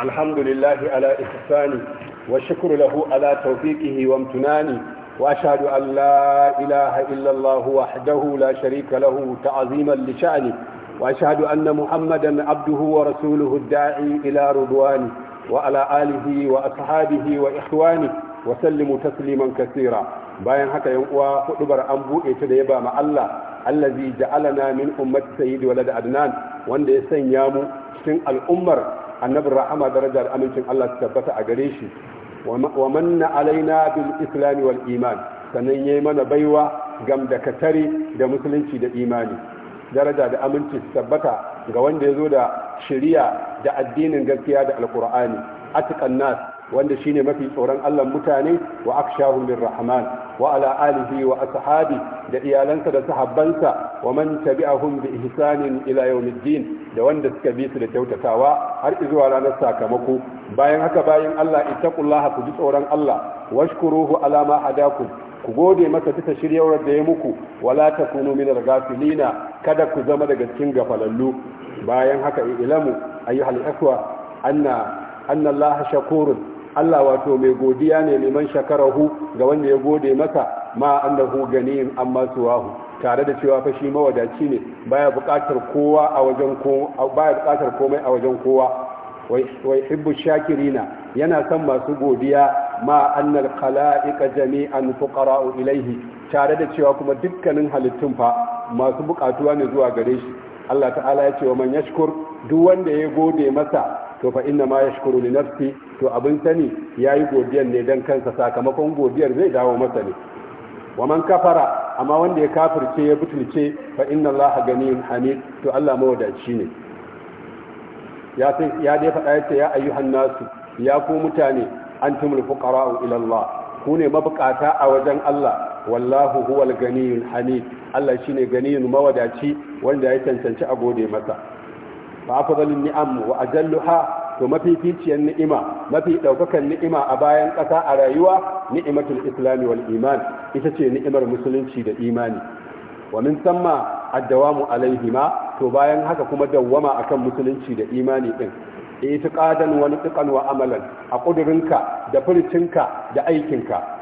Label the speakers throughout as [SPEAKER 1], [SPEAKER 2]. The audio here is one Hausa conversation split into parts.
[SPEAKER 1] الحمد لله على إحساني والشكر له على توفيقه وامتناني وأشهد أن لا إله إلا الله وحده لا شريك له تعظيما لشأنه وأشهد أن محمدا عبده ورسوله الداعي إلى رضوانه وعلى آله وأصحابه وإخوانه وسلموا تسليما كثيرا bayan haka yan uwa hudubar an buɗe ta da yaba ma Allah allazi ja'alana min ummati sayyid walad adnan wanda ya sanya mu cikin al'ummar annabin rahama daraja da amincin Allah su tabbata a gare shi wa manna alaina bil islami wal iman sanan yayi mana baiwa gam da katare da musulunci da imani daraja da aminci su tabbata ga wanda ya zo da shari'a da addinin gaskiya da Alkur'ani atqan nas wanda shine mafi tsoron Allah mutane wa akshahum rahman wa ala alihi wa ashabi da iyalansa da sahabbansa wa man tabi'ahum bi ihsanin ila yawmiddin da wanda suka bi su da kyautatawa har zuwa ranar sakamako bayan haka bayan Allah ittaqullaha ku ji tsoron Allah washkuruhu ala ma hadakum ku gode masa bisa shiryawar da ya muku wala takunu min ghafilina kada ku zama daga cikin gafalallu bayan haka ilamu ayyuhal ikhwa anna anna Allah shakurun Allah wato mai godiya ne liman shakarahu ga wanda ya gode maka ma annahu ganin amma suwahu tare da cewa fa shi mawadaci ne baya buƙatar kowa a wajen ko baya buƙatar komai a wajen kowa wai hibbu shakirina yana san masu godiya ma annal khala'iqa jami'an fuqara ilayhi tare da cewa kuma dukkanin halittun fa masu buƙatuwa ne zuwa gare shi Allah ta'ala ya ce wa man yashkur duk wanda ya gode masa to fa inna ma yashkuru li nafsi to abin sani yayi godiyar ne dan kansa sakamakon godiyar zai dawo masa ne wa man kafara amma wanda ya kafirce ya butulce fa inna allaha ganiyun hamid to Allah mawadaci ne ya sai ya dai faɗa yace ya ayyuhan nasu ya ku mutane antumul fuqara'u ila Allah ku ne mabukata a wajen Allah wallahu huwal ganiyun hamid Allah shine ganiyun mawadaci wanda ya cancanci a gode masa fa afdalun wa ajalluha to mafificiyar ni'ima mafi ɗaukakan ni'ima a bayan ƙasa a rayuwa ni'imatul islami wal iman ita ce ni'imar musulunci da imani wa min samma addawamu alaihima to bayan haka kuma dawwama akan musulunci da imani din itiqadan wa wani wa amalan a kudurinka da furcinka da aikinka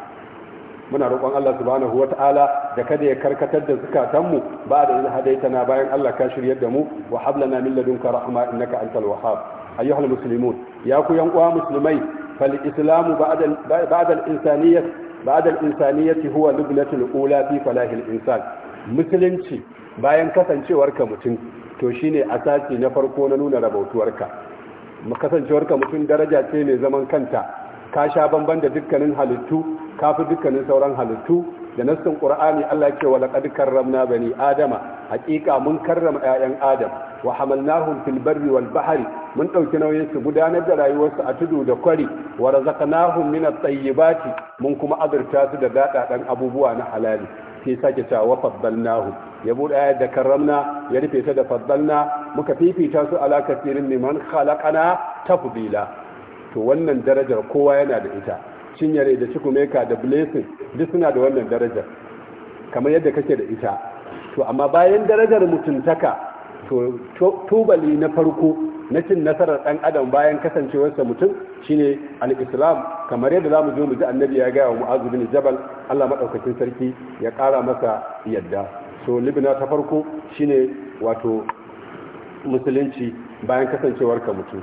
[SPEAKER 1] muna roƙon Allah subhanahu ta'ala, da kada ya karkatar da zukatanmu ba da in hadaitana bayan Allah ka shiryar da mu wa hablana min ladunka rahma innaka antal wahhab ayyuhal muslimun ya ku yan uwa musulmai fal islamu ba'da al insaniyyah ba'da al insaniyyah huwa lubnatul ula fi falahil insan musulunci bayan kasancewarka mutum to shine asasi na farko na nuna rabautuwarka kasancewarka mutum daraja ce mai zaman kanta ka sha bamban da dukkanin halittu kafi dukkanin sauran halittu da nassin qur'ani Allah ya ce wa laqad karramna bani adama haqiqa mun karrama 'ya'yan adam wa hamalnahum fil barri wal bahri mun dauki nauyin su gudanar da rayuwarsu a tudu da kwari wa razaqnahum min at-tayyibati mun kuma azurta su da dadadan abubuwa na halali sai sake cewa wa faddalnahu ya buɗe ayar da karramna ya rufe ta da faddalna muka fifita su ala kasirin liman khalaqana tafdila to wannan darajar kowa yana da ita cinyare da cikumeka da blessing duk suna da wannan daraja kamar yadda kake da ita to amma bayan darajar mutuntaka to tubali na farko na cin nasarar dan adam bayan kasancewarsa mutum shine al-islam kamar yadda zamu zo mu ji annabi ya gaya wa mu'azu bin jabal Allah madaukakin sarki ya kara masa yadda so libna ta farko shine wato musulunci bayan kasancewarka mutum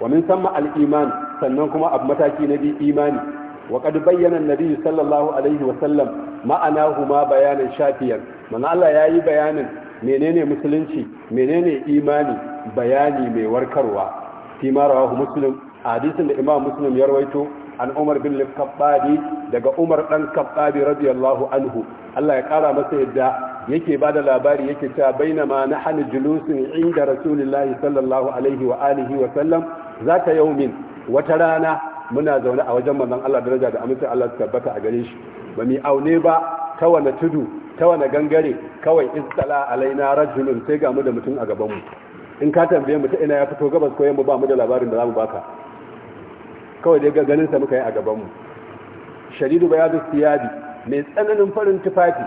[SPEAKER 1] wa min samma al-iman sannan kuma abu mataki na bi imani وقد بين النبي صلى الله عليه وسلم ma'anahuma bayanin shafiyar manzo Allah yayi bayanin menene musulunci menene imani bayani mai warkarwa fi ma muslim hadisin da imam muslim ya rawaito an umar bin al daga umar dan khattabi radiyallahu anhu Allah ya kara masa yadda yake bada labari yake cewa bainama nahnu julusin inda rasulillahi sallallahu alaihi wa alihi wa sallam zaka yaumin wata rana muna zaune a wajen manzan Allah daraja da amince Allah su tabbata a gare shi ba mi aune ba ta wani tudu ta wani gangare kawai istala alaina rajulun sai ga mu da mutum a gaban mu in ka tambaye mu ina ya fito gabas ko yamma ba mu da labarin da zamu baka kawai dai ga ganin sa muka yi a gaban mu bayadu siyadi mai tsananin farin tufafi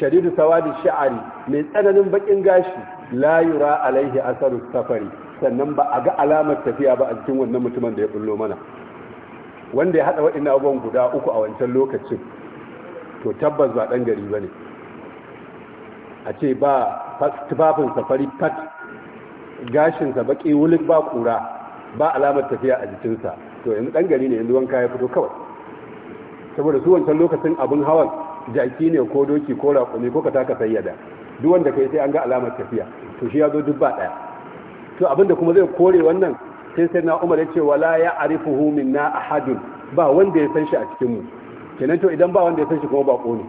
[SPEAKER 1] shadidu sawadi sha'ari mai tsananin bakin gashi la yura alaihi asaru safari sannan ba a ga alamar tafiya ba a cikin wannan mutumin da ya bullo mana wanda ya hada waɗannan abubuwan guda uku a wancan lokacin to tabbas ba ɗan gari ba ne a ce ba tufafinsa fari pat gashinsa baƙi wulik ba kura ba alamar tafiya a jikinsa to yanzu ɗan gari ne yanzu wanka ya fito kawai saboda su wancan lokacin abin hawan jaki ne ko doki ko raƙumi ko ka taka sayyada duk wanda yi sai an ga alamar tafiya to shi ya zo duk ba ɗaya to abinda kuma zai kore wannan sai sai na umar ya ce wala ya na a ahadun ba wanda ya san shi a cikinmu kenan to idan ba wanda ya san shi kuma ba ne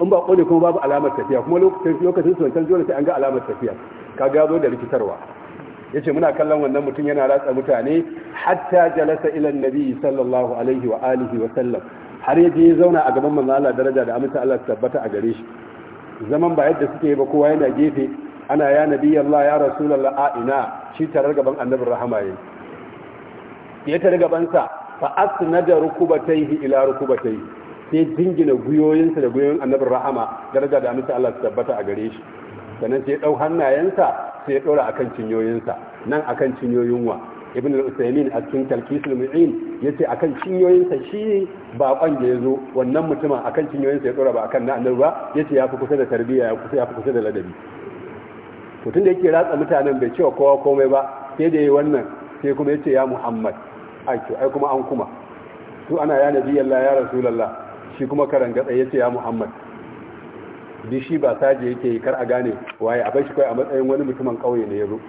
[SPEAKER 1] in ba ne kuma babu alamar tafiya kuma lokacin su wancan zuwa sai an ga alamar tafiya ka gado da rikitarwa yace muna kallon wannan mutum yana ratsa mutane hatta jalasa ilan nabi sallallahu alaihi wa alihi wa sallam har yaje ya zauna a gaban manzo Allah daraja da aminta Allah tabbata a gare shi zaman ba yadda suke ba kowa yana gefe ana ya nabi Allah ya rasulullah a ina shi tarar gaban annabin rahama yayi ya tare gabansa fa asnada rukubatayhi ila rukubatayhi sai jingina guyoyinsa da guyoyin annabin rahama daraja da amince Allah su tabbata a gare shi sannan sai dau hannayensa sai ya dora akan cinyoyinsa nan akan cinyoyin wa ibn al-usaymin a cikin mu'in yace akan cinyoyinsa shi bakon da yazo wannan mutumin akan cinyoyinsa ya dora ba akan na annabi ba yace ya fi kusa da tarbiyya ya kusa ya fi kusa da ladabi to tunda yake ratsa mutanen bai cewa kowa komai ba sai da yi wannan sai kuma yace ya muhammad aiki ai kuma an kuma su ana ya nabi Allah ya rasulullah shi kuma karanga tsaye yace ya Muhammad di shi ba saje yake kar a gane waye a bashi kai a matsayin wani mutumin kauye ne yazo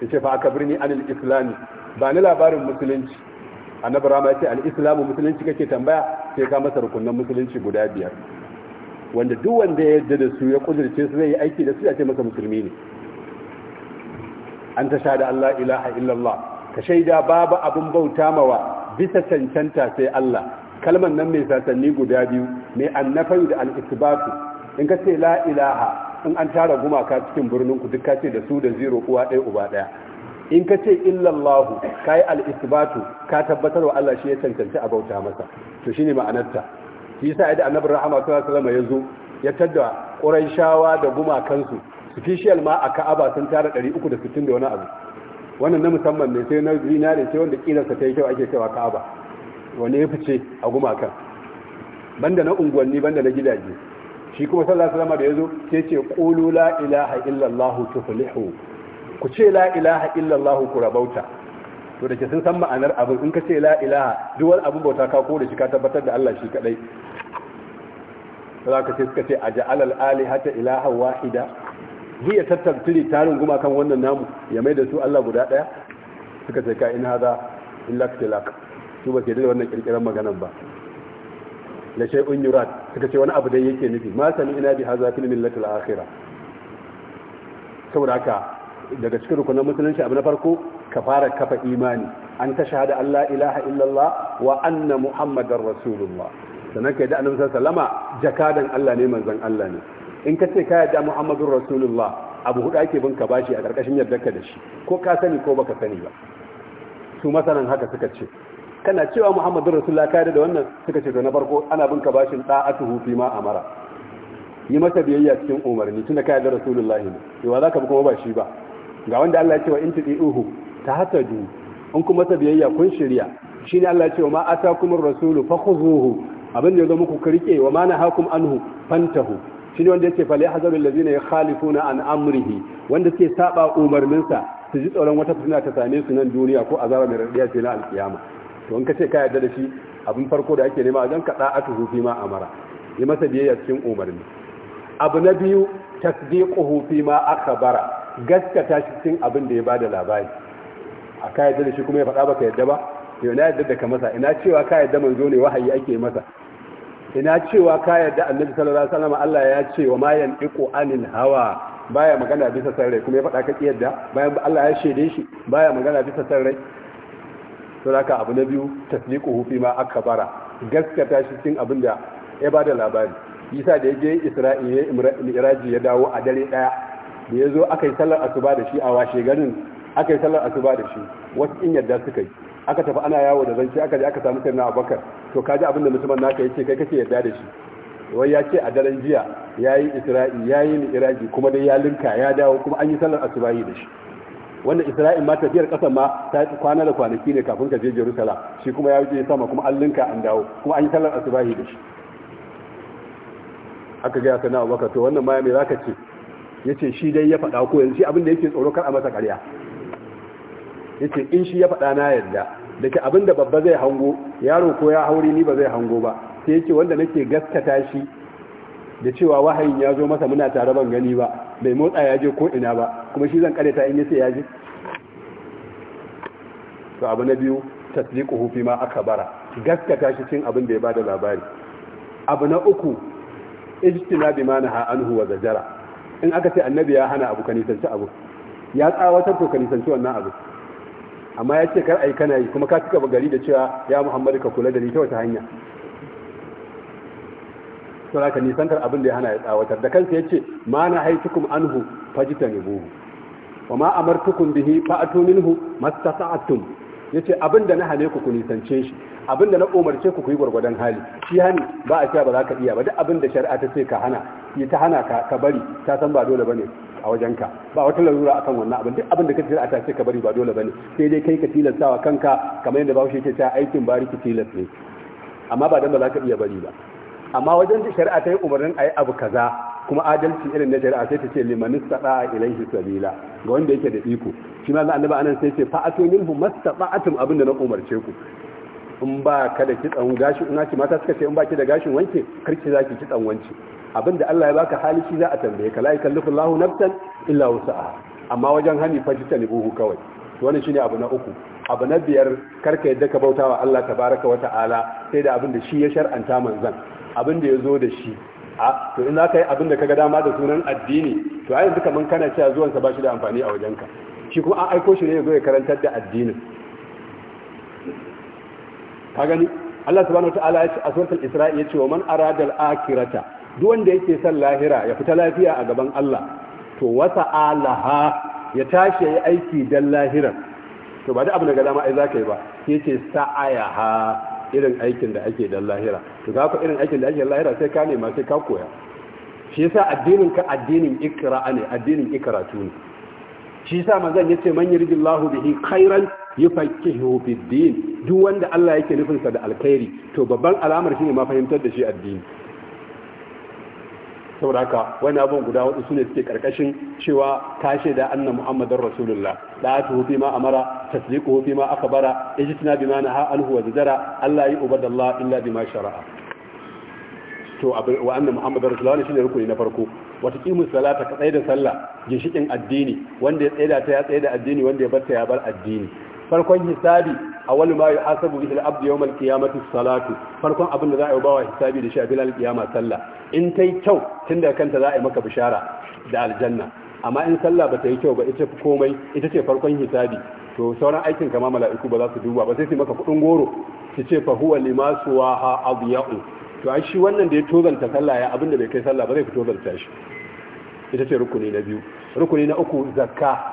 [SPEAKER 1] yace fa birni anil islam ba ni labarin musulunci annabi rama yace al islamu musulunci kake tambaya sai ka masa rukunan musulunci guda biyar wanda duk wanda ya yarda da su ya kudirce su zai yi aiki da su ya ce masa musulmi ne an ta sha da Allah ilaha illallah ka shaida babu abin bauta mawa bisa cancanta sai Allah kalman nan mai sasanni guda biyu mai annafa da al'isbatu in ka ce la ilaha in an tara gumaka cikin birnin ku duk ce da su da zero uwa ɗaya uba ɗaya in ka ce illallahu ka yi al'isbatu ka tabbatar wa Allah shi ya cancanci a bauta masa to shine ma'anarta shi yasa yadda annabi rahama sallallahu alaihi ya zo ya tadda quraishawa da gumakansu official ma a ka'aba sun tara 360 da wani abu wannan na musamman ne sai na zinare sai wanda kilarsa ta yi kyau ake cewa ka'aba wani ya fice a gumakan banda na unguwanni banda na gidaje shi kuma sallallahu alaihi da yazo sai ce qulu la ilaha illallah tuflihu ku ce la ilaha illallah ku rabauta to da ke sun san ma'anar abin in ka ce la ilaha duk wani abin bauta ka ko da shi ka tabbatar da Allah shi kadai sai ka ce suka ce aja'al al alihata ilaha wahida zai ya tattantire tarin gumakan wannan namu ya mai da su Allah guda ɗaya, suka ce ka in lak-tilak, su ba ke da wannan kirkiran maganan ba la shay'un yurad suka ce wani abu dai yake nufi ma sani ina bi haza fil millati al akhirah saboda haka daga cikin rukunin musulunci abu na farko ka fara kafa imani an ta shahada Allah ilaha illallah wa anna muhammadar rasulullah sannan ka yi da annabi sallama jakadan Allah ne manzon Allah ne in ka ce ka yarda muhammadun rasulullah abu hudu ake bin ka bashi a yarda ka da shi ko ka sani ko baka sani ba su masanan haka suka ce kana cewa muhammadun rasulullah ka da wannan suka ce na farko ana bin ka bashin da'atuhu fi ma amara yi masa biyayya cikin umarni tunda ka yarda rasulullahi ne yawa zaka bi kuma ba shi ba ga wanda Allah ya ce wa in tudihu tahtadu in kuma masa biyayya kun shirya shine Allah ya ce wa ma atakumur rasulu fakhuzuhu abin da ya zo muku karike wa mana hakum anhu fantahu ne wanda yake fal ya ya na an amurihi wanda ke saba umarninsa su ji tsoron wata fitina ta same su nan duniya ko a zara mai rarriya ce na alkiyama to in ka ce ka da shi abin farko da ake nema a kaɗa a hufi ma a mara, yi masa biyayya cikin umarni abu na biyu tasdiquhu fi ma bara, gaskata shi cikin abin da ya bada labari a ka da shi kuma ya faɗa baka yarda ba yau na yarda da ka masa ina cewa ka yarda manzo ne wahayi ake masa ina cewa ka yarda annabi sallallahu alaihi wasallam Allah ya ce wa ma yantiqu anil hawa baya magana bisa sarrai kuma ya faɗa ka yarda bayan Allah ya shede shi baya magana bisa sarrai to haka abu na biyu tasdiquhu fi ma akbara gaskata shi cikin abin da ya bada labari isa da yaje Isra'ila Miraji ya dawo a dare daya da yazo aka yi sallar asuba da shi a washe garin aka yi sallar asuba da shi wasu in yarda suka yi aka tafi ana yawo da zance aka je aka samu na abakar to kaji abin da mutumin naka yake kai kake yarda da shi wai ya ce a daren jiya ya yi isra'i ya yi iraji kuma dai ya linka ya dawo kuma an yi sallar asubahi da shi wannan isra'i ma tafiyar ƙasa ma ta kwana da kwanaki ne kafin ka je jerusalem shi kuma ya je sama kuma an linka an dawo kuma an yi sallar asubahi da shi aka gaya na abubakar to wannan ma ya mai zaka ce yace shi dai ya faɗa ko yanzu abin da yake tsoro kar a masa ƙarya yace in shi ya faɗa na yarda dake ke abinda babba zai hango yaro ko ya haure ni ba zai hango ba sai yake wanda nake gaskata shi da cewa wahayin ya zo masa muna tare ban gani ba bai motsa ya je ko ina ba kuma shi zan kareta in yace ya je to abu na biyu tasdiquhu fi ma akbara gaskata shi cin abin da ya bada labari abu na uku ijtina bi ma naha anhu wa zajara in aka ce annabi ya hana abu kanisanci abu ya tsawatar to kanisanci wannan abu amma ya ce kar a yi kana yi kuma ka cika gari da cewa ya muhammadu ka kula da ni ta wata hanya to haka nisantar abin da ya hana ya tsawatar da kansa ya ce ma na haitukum anhu fajita ne buhu wa ma amartukum bihi fa'atu minhu mastata'tum yace abin da na hane ku ku nisance shi abin da na umarce ku ku yi gwargwadon hali shi hani ba a cewa ba za ka iya ba duk abin da shari'a ta ce ka hana ya ta hana ka bari ta san ba dole bane a wajenka ba wata larura akan wannan abin duk abin da ka tsira a tace ka bari ba dole bane sai dai kai ka tilasta wa kanka kamar yadda bawo shi yake ta aikin bari ka tilas ne amma ba dan ba za ka iya bari ba amma wajen da shari'a ta yi umarnin a yi abu kaza kuma adalci irin na shari'a sai ta ce liman istata ilaihi sabila ga wanda yake da iko shi ma annabi anan sai ce fa atu minhu mastata'atum abin da na umarce ku in ba ka da kitsan gashi ina ce mata suka ce in ba ki da gashin wanke karki za ki kitsan wanke abinda Allah ya baka hali shi za a tambaye ka la yukallifu Allahu nafsan illa wusaha amma wajen hani fa ji talibuhu kawai wannan shine abu na uku abu na biyar karka yadda ka bauta wa Allah tabaraka wa ta'ala sai da abinda shi ya shar'anta manzan abinda da ya zo da shi a to in za ka yi abinda kaga ka ga dama da sunan addini to a yanzu kaman kana cewa zuwansa ba shi da amfani a wajenka shi kuma an aiko shi ne ya zo ya karantar da addinin ka gani Allah subhanahu wataala ya a suratul Isra'i ya ce wa man aradal akhirata duk wanda yake son lahira ya fita lafiya a gaban Allah to wasa alaha ya tashi yayi aiki dan lahira to ba da abu daga dama ai zaka yi ba yace sa'ayaha irin aikin da ake dan lahira to ga ku irin aikin da ake lahira sai ka nema sai ka koya shi yasa addinin ka addinin ikra ne addinin ikratu ne shi yasa manzon yace man yuridillahu bihi khairan yufaqihu bid din duk wanda Allah yake nufinsa da alkhairi to babban alamar shine ma fahimtar da shi addini saboda haka wani abun guda hudu sune suke karkashin cewa ka da anna muhammadar rasulullah ta hufi ma amara tasdiquhu hufi ma akbara ijtina ma naha anhu wa zara Allah yi ubadallah illa bi ma shara'a to wa anna muhammadar rasulullah shine rukuni na farko wata kimu salata ka tsaye da sallah ginshikin addini wanda ya tsaye ta ya tsaye da addini wanda ya bar ta ya bar addini farkon hisabi wani ma yi bihi al abdu yawmal qiyamati salatu farkon abin da za a yi bawa hisabi da shi a bilal qiyama sallah in tai kyau tunda kanta za a yi maka bishara da aljanna amma in sallah ba ta yi kyau ba ita komai ita ce farkon hisabi to sauran aikin kama mala'iku ba za su duba ba sai su maka kudin goro su ce fa huwa limasu wa ha adya'u to ai shi wannan da ya tozanta sallah ya da bai kai sallah ba zai fito zanta shi ita ce rukuni na biyu rukuni na uku zakka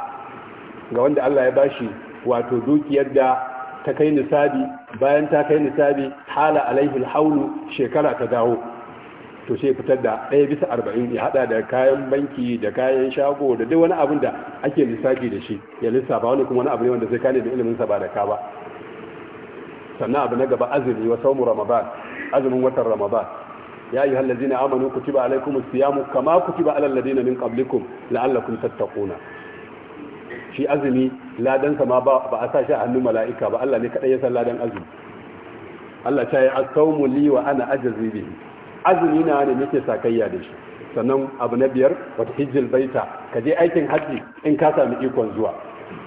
[SPEAKER 1] ga wanda Allah ya bashi wato dukiyar da ta kai nisabi bayan ta kai nisabi hala alaihi haulu shekara ta dawo to sai fitar da ɗaya bisa arba'in ya hada da kayan banki da kayan shago da duk wani abin da ake lissafi da shi ya lissafa wani kuma wani abu ne wanda zai kane da ilimin sa ba da ka ba sannan abu na gaba azumi wa saumu ramadan azumin watan ramadan ya ayyuhal ladzina amanu kutiba alaykumus siyamu kama kutiba alal ladina min qablikum la'allakum tattaquna shi azumi ladansa ma ba a sa shi a hannun mala'ika ba Allah ne kaɗai ya san ladan azumi Allah ta yi a li wa ana aji bihi azumi na ne nake sakayya da shi sannan abu na biyar wata hijjil baita ka je aikin hajji in ka sami ikon zuwa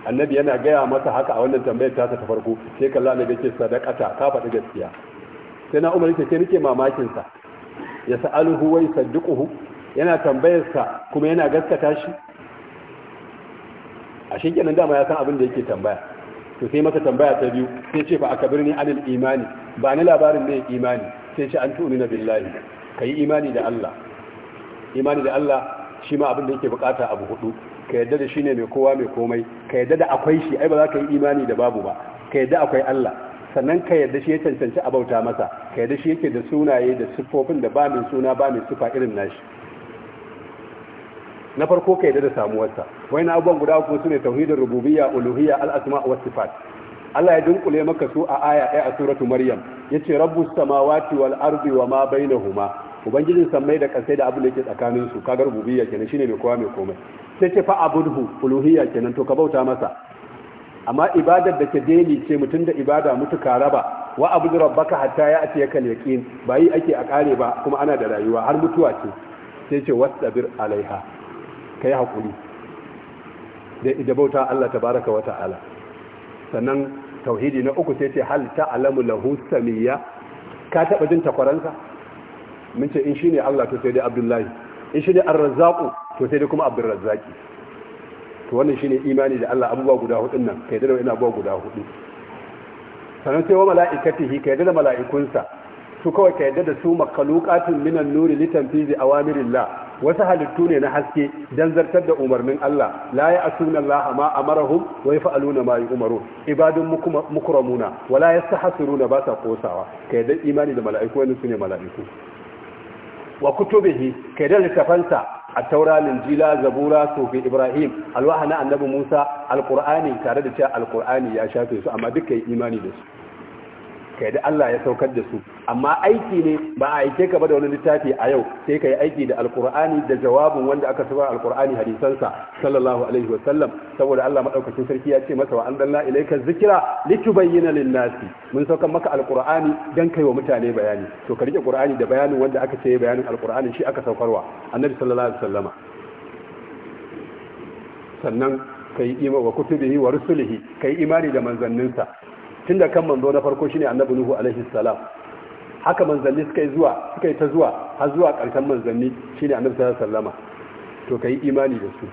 [SPEAKER 1] annabi yana gaya masa haka a wannan tambayar tasa ta farko sai kalla ne da ke sadakata ka faɗi gaskiya sai na umar yake sai nake mamakin sa ya sa'aluhu wai yusaddiquhu yana tambayar sa kuma yana gaskata shi a shi kenan dama ya san abin da yake tambaya to sai masa tambaya ta biyu sai ce fa akabirni anil imani ba ni labarin ne imani sai ce an tu'minu billahi kai imani da Allah imani da Allah shi ma abin da yake bukata abu hudu ka yadda da shine mai kowa mai komai ka yadda da akwai shi ai ba za ka yi imani da babu ba ka yadda akwai Allah sannan ka yadda shi ya cancanci a bauta masa ka yadda shi yake da sunaye da siffofin da ba mai suna ba mai sifa irin nashi na farko ka yadda da samuwarsa Wai na abubuwan guda uku su ne tauhidin rububiyya uluhiyya al'asma wa sifat Allah ya dunkule maka su a aya ɗaya a suratu Maryam yace rabbus samawati wal ardi wa ma bainahuma ubangijin sammai da kasai da abin da yake tsakanin su kaga rububiyya kenan shine mai kowa mai komai sai ce fa abudhu uluhiyya kenan to ka bauta masa amma ibadar da ke daini ce mutum da ibada mutuka raba wa abudu rabbaka hatta ya ati yakal yaqin ba yi ake a kare ba kuma ana da rayuwa har mutuwa ce sai ce wastabir alaiha ka yi haƙuri da bauta Allah ta baraka wa ta'ala sannan tauhidi na uku sai ce hal ta'alamu lahu samiyya ka taɓa jin takwaransa mun ce in shi ne Allah to sai dai abdullahi in shi ne arrazzaku to sai dai kuma abdurrazzaki to wannan shi ne imani da Allah abubuwa guda hudun nan ka yadda da ina abubuwa guda hudu sannan sai wa mala'ikatihi yadda da mala'ikunsa su kawai ka yadda da su makalukatun minan nuri litanfizi la. wasu halittu ne na haske dan zartar da umarnin Allah la ya'suna Allah ma amarahum wa yaf'aluna ma yu'maru ibadun mukramuna wa la yastahsiruna ba sa kosawa kai dan imani da mala'iku wannan sune mala'iku wa kutubihi kai da littafansa a taura linjila zabura sufi ibrahim alwaha na annabi musa alqur'ani tare da cewa alqur'ani ya shafe su amma duka imani da su kai da Allah ya saukar da su amma aiki ne ba a aike ka ba da wani littafi a yau sai ka yi aiki da alkur'ani da jawabin wanda aka saba alkur'ani hadisansa sallallahu alaihi wa sallam saboda Allah madaukakin sarki ya ce masa wa anzalna ilaika zikra litubayyana lin-nasi mun sauka maka alkur'ani dan kai wa mutane bayani to ka rike qur'ani da bayanin wanda aka ce bayanin alkur'ani shi aka saukarwa annabi sallallahu alaihi wa sallama sannan kai ima wa kutubihi wa rusulihi kai imani da manzanninsa tunda kan manzo na farko shine annabi nuhu alaihi salam haka manzanni suka yi zuwa suka yi ta zuwa har zuwa ƙarshen manzanni shine annabi sallallahu alaihi wasallama to yi imani da su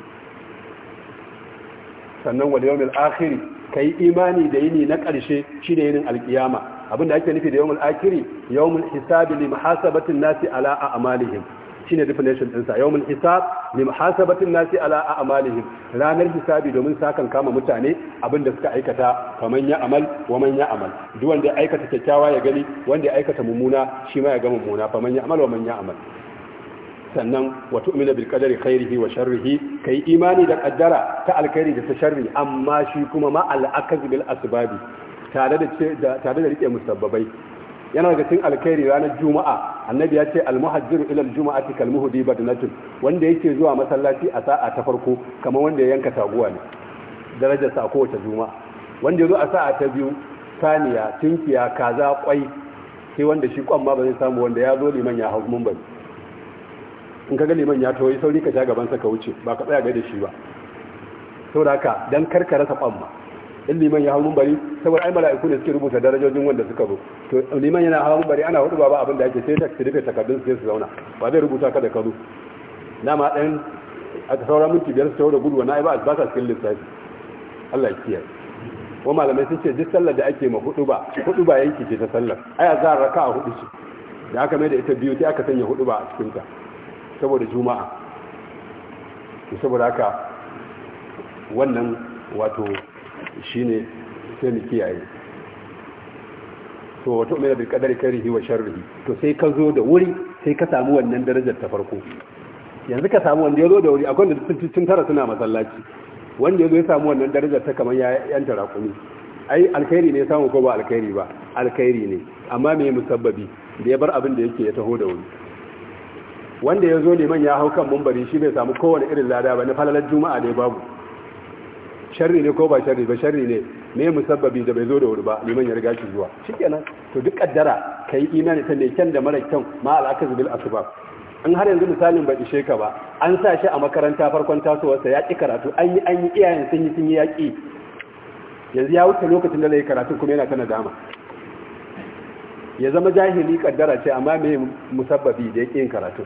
[SPEAKER 1] sannan wal al'akiri ka yi imani da yini na ƙarshe shine yinin alkiyama abinda ake nufi da yawmul akhir yawmul hisabi ne muhasabati nasi ala a'malihim shine definition din sa yawmul hisab li muhasabati nasi ala a'malihim ranar hisabi domin sakan kama mutane abin da suka aikata faman ya amal wa man ya amal duk wanda ya aikata kyakkyawa ya gani wanda ya aikata mummuna shi ma ya ga mummuna man ya amal wa man ya amal sannan wa tu'minu bil qadari khairihi wa sharrihi kai imani da kaddara ta alkhairi da ta sharri amma shi kuma ma al akaz bil asbabi tare da tare da rike musabbabai yana daga cikin alkhairi ranar juma'a annabi ya ce almuhajjiru ila aljuma'ati kalmuhdi badnatun wanda yake zuwa masallaci a sa'a ta farko kamar wanda ya yanka taguwa ne darajar sa kowace juma'a wanda ya zo a sa'a ta biyu saniya tinkiya kaza kwai sai wanda shi kwan ma ba zai samu wanda ya zo liman ya hau mumbai in ka ga liman ya tawo sauri ka sha gaban sa ka wuce ba ka tsaya ga da shi ba saboda haka dan karkara ta kwan ma in liman ya hau mumbari saboda ai mala'iku ne suke rubuta darajojin wanda suka zo to liman yana hau mumbari ana hudu ba abin da ake sai ta rufe takardun sai su zauna ba zai rubuta ka da kazo dama dan a sauran minti biyar su da gudu wani ai ba ba sa cikin lissafi Allah ya kiyaye wa malamai sun ce duk sallar da ake ma hudu ba hudu ba yanki ce ta sallar ai a zara ka a hudu ce da aka mai da ita biyu sai aka sanya hudu ba a cikin ta saboda juma'a saboda haka wannan wato Shi ne sai mu kiyaye to wato mai bil kadari karihi wa sharri to sai ka zo da wuri sai ka samu wannan darajar ta farko yanzu ka samu wanda ya zo da wuri akwai da sun tara suna masallaci wanda ya zo ya samu wannan darajar ta kamar ya yanta rakumi ai alkhairi ne samu ko ba alkhairi ba alkhairi ne amma me musabbabi da ya bar abin da yake ya taho da wuri wanda ya zo neman ya hau kan mumbari shi bai samu kowane irin lada ba na falalar juma'a ne babu sharri ne ko ba sharri ba sharri ne me musabbabi da bai zo da wuri ba liman ya riga shi zuwa shikenan to duk kaddara kai imani ta ne kyan da mara kyau ma al'akazu bil asbab in har yanzu misalin ba ishe ka ba an sa shi a makaranta farkon tasowarsa ya ki karatu an yi an yi iyayen sun yi sun yi yaki yanzu ya wuce lokacin da zai karatu kuma yana tana dama ya zama jahili kaddara ce amma me musabbabi da yake yin karatu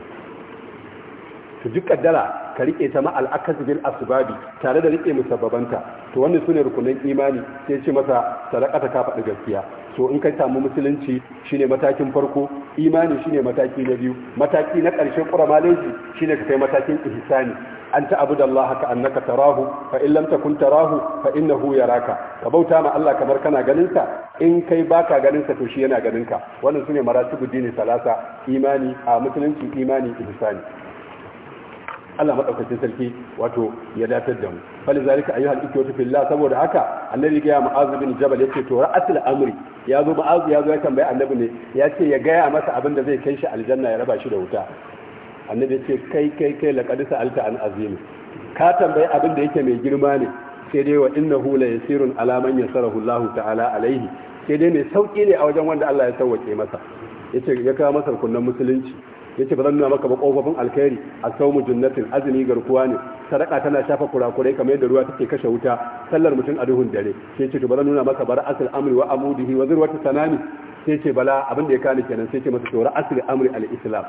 [SPEAKER 1] to duk kaddara ka rike ta ma al'akas bil asbabi tare da rike musabbabanta to wannan sune rukunin imani sai ce masa ta ka faɗi gaskiya to in ka samu musulunci shine matakin farko imani shine mataki na biyu mataki na ƙarshe ƙuramaleji shine ka kai matakin ihsani an ta'budu Allah ka annaka tarahu fa in lam takun tarahu fa innahu yaraka ka bauta ma Allah kamar kana ganin sa in kai baka ganin sa to shi yana ganin ka wannan sune maratibu dini salasa imani a musulunci imani ihsani Allah maɗaukacin sarki wato ya datar da mu fali zalika al ikwatu fillah saboda haka annabi ga mu'az bin jabal yace to ra'atul amri ya zo mu'az ya zo ya tambaye annabi ne yace ya gaya masa abinda zai kai shi aljanna ya raba shi da wuta annabi yace kai kai kai laqad sa'alta an azim ka tambaye abin da yake mai girma ne sai dai wa innahu la yasirun ala man yasarahu Allah ta'ala alaihi sai dai mai sauki ne a wajen wanda Allah ya sauwake masa yace ya kawo masa kunnan musulunci yace ba zan nuna maka ba kofofin alkhairi asawmu jannatin azumi garkuwa ne sadaka tana shafa kurakurai kamar yadda ruwa take kashe wuta sallar mutum a duhun dare sai yace to ba zan nuna maka bara asal amri wa amudihi wa zirwatu sanami sai bala abin da ya kani kenan sai yace masa to ra asal amri al-islam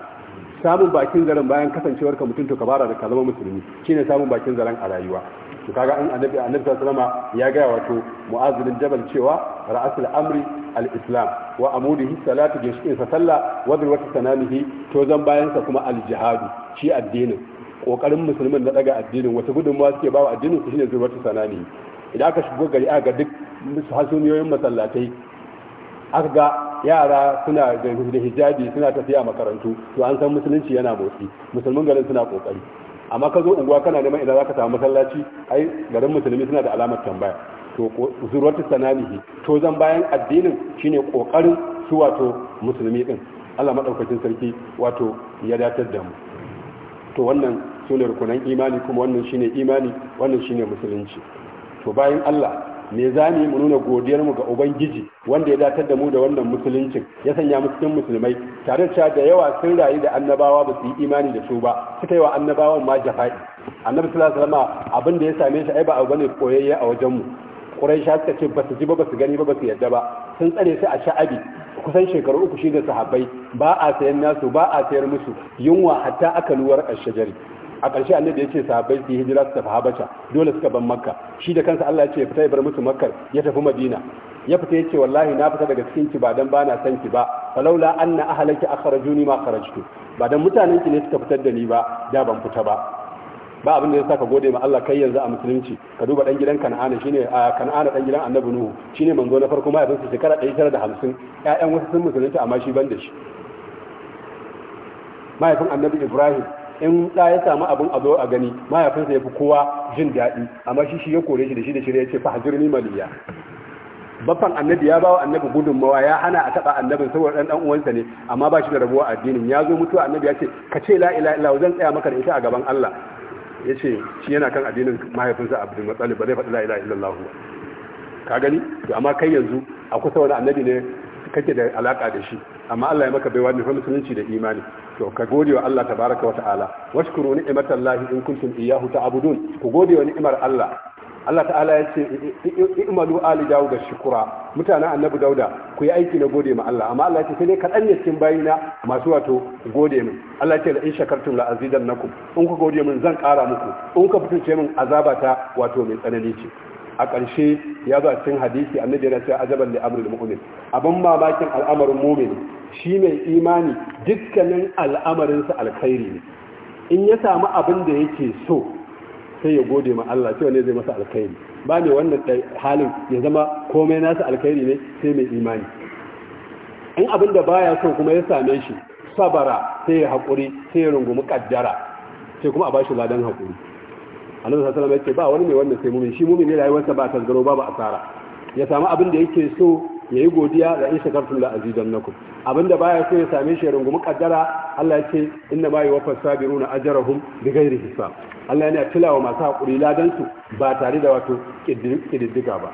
[SPEAKER 1] samun bakin zaren bayan kasancewar ka mutum to ka bara da ka zama musulmi shine samun bakin zaren a rayuwa to kaga an annabi annabi sallallahu ya gaya wato mu'azzilin jabal cewa ra'asul amri al-islam wa amudihi salatu ginshikin sa salla wa dirwatu sanamihi to zan bayan sa kuma al-jihadu shi addinin kokarin musulmin na daga addinin wata gudunmawa suke bawa addinin su shine wata sanamihi idan aka shigo gari aka ga duk hasumiyoyin masallatai aka ga yara suna da hijabi suna tafiya makarantu to an san musulunci yana motsi musulmin garin suna kokari amma ka zo unguwa kana neman idan zaka samu masallaci ai garin musulmi suna da alamar tambaya to zuwatu sananihi to zan bayan addinin shine kokarin su wato musulmi din Allah madaukakin sarki wato ya datar da mu to wannan sune rukunan imani kuma wannan shine imani wannan shine musulunci to bayan Allah me za mu yi mu nuna godiyar mu ga ubangiji wanda ya datar da mu da wannan musuluncin ya sanya mu cikin musulmai tare da da yawa sun rayu da annabawa ba su yi imani da su ba suka yi wa annabawan ma jafa'i annabi sallallahu alaihi wasallam abin da ya same shi ai ba abu bane koyayye a wajen mu quraisha suka ce ba su ji ba ba su gani ba ba su yadda ba sun tsare su a sha'abi kusan shekaru uku shi da sahabbai ba a sayan nasu ba a sayar musu yunwa hatta aka luwar ashajari a ƙarshe annabi ya ce sahabbai su hijira su tafi habasha dole suka ban makka shi da kansa Allah ya ce fita ya bar musu makka ya tafi madina ya fita ya ce wallahi na fita daga cikin ki ba dan bana san ki ba falaula anna ahlaki akhrajuni ma kharajtu ba dan mutanen ki ne suka fitar da ni ba da ban fita ba ba abin da ya saka gode ma Allah kai yanzu a musulunci ka duba dan gidan Kan'ana shine a dan gidan Annabi Nuhu shine manzo na farko su shekara 150 ƴaƴan wasu sun musulunci amma shi ban da shi mahaifin Annabi Ibrahim in da ya samu abin a zo a gani mahaifinsa ya fi kowa jin daɗi amma shi shi ya kore shi da shi da shirya ya ce ni maliya baffan annabi ya bawa annabi gudunmawa ya hana a taɓa annabin saboda ɗan dan uwansa ne amma ba shi da rabuwa addinin ya zo mutuwa annabi ya ce ka ce la ila illallah zan tsaya maka da ita a gaban Allah ya ce shi yana kan addinin mahaifinsa Abdul Muttalib ba zai faɗi la ila illallah ka gani to amma kai yanzu a kusa wani annabi ne kake da alaka da shi amma Allah ya maka baiwa fa musulunci da imani to ka gode wa Allah tabaraka wa ta'ala washkuru ni'matallahi in kuntum iyyahu ta'budun ku gode wa ni'imar Allah Allah ta'ala ya ce i'malu ali dawud shukura mutanen annabi dauda ku yi aiki na gode ma Allah amma Allah ya ce sai ka kadan ne cikin bayina masu wato gode min Allah ya ce la in shakartum la azidannakum in ku gode min zan kara muku in ka fitince min azabata wato mai tsanani ce a ƙarshe ya zo a cikin hadisi annabi ya ce ajaban li amrul mu'min abin mamakin al'amarin mu'min shi mai imani dukkanin al'amarin sa alkhairi ne in ya samu abin da yake so sai ya gode ma Allah cewa ne zai masa alkhairi ba ne wannan halin ya zama komai nasa alkhairi ne sai mai imani in abin da baya so kuma ya same shi sabara sai ya hakuri sai ya rungumi kaddara sai kuma a bashi ladan hakuri annabi sallallahu alaihi wasallam ba wani mai wannan sai mumin shi mumin ne rayuwarsa ba ba babu asara ya samu abin da yake so ya yi godiya da in shakartun la azidan nakum abinda baya so ya same shi ya rungumi kaddara Allah ya ce inna ma yuwaffa sabiruna ajrahum bighairi hisab Allah yana tilawa masu hakuri ladan su ba tare da wato kididdiga ba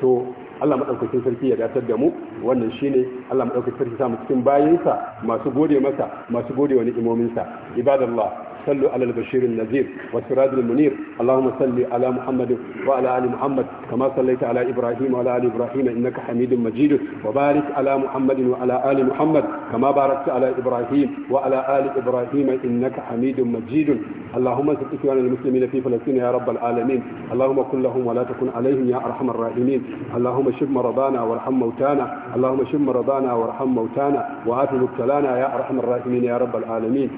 [SPEAKER 1] to Allah madaukakin sarki ya datar da mu wannan shine Allah madaukakin sarki samu cikin bayinsa masu gode masa masu gode wa sa ibadallah صلوا على البشير النذير والسراج المنير اللهم صل على محمد وعلى ال محمد كما صليت على ابراهيم وعلى ال ابراهيم انك حميد مجيد وبارك على محمد وعلى ال محمد كما باركت على ابراهيم وعلى ال ابراهيم انك حميد مجيد اللهم انصر اخواننا المسلمين في فلسطين يا رب العالمين اللهم كن لهم ولا تكن عليهم يا ارحم الراحمين اللهم شف مرضانا وارحم موتانا اللهم شف مرضانا وارحم موتانا وعاف مبتلانا يا ارحم الراحمين يا رب العالمين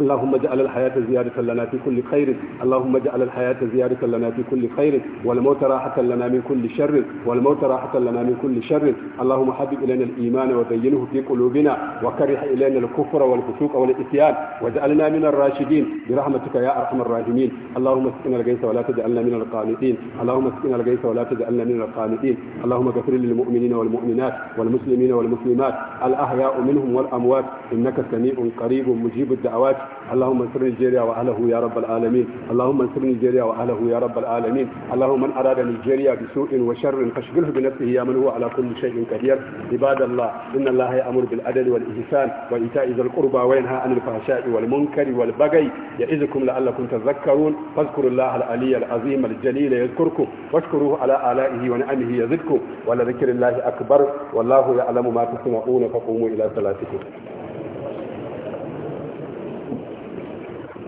[SPEAKER 1] اللهم اجعل الحياة زيادة لنا في كل خير اللهم اجعل الحياة زيادة لنا في كل خير والموت راحة لنا من كل شر والموت راحة لنا من كل شر اللهم حبب إلينا الإيمان وزينه في قلوبنا وكره إلينا الكفر والفسوق والإتيان واجعلنا من الراشدين برحمتك يا أرحم الراحمين اللهم اسقنا الغيث ولا تجعلنا من القانتين اللهم اسقنا الغيث ولا تجعلنا من القانتين اللهم كفر للمؤمنين والمؤمنات والمسلمين والمسلمات الأحياء منهم والأموات إنك سميع قريب مجيب الدعوات اللهم انصر نيجيريا واهله يا رب العالمين اللهم انصر نيجيريا واهله يا رب العالمين اللهم من اراد نيجيريا بسوء وشر فاشغله بنفسه يا من هو على كل شيء قدير عباد الله ان الله يامر بالعدل والاحسان وايتاء ذي القربى وينهى عن الفحشاء والمنكر والبغي يعظكم لعلكم تذكرون فاذكروا الله العلي العظيم الجليل يذكركم واشكروه على آلائه ونعمه يزدكم ولذكر الله أكبر والله يعلم ما تصنعون فقوموا إلى صلاتكم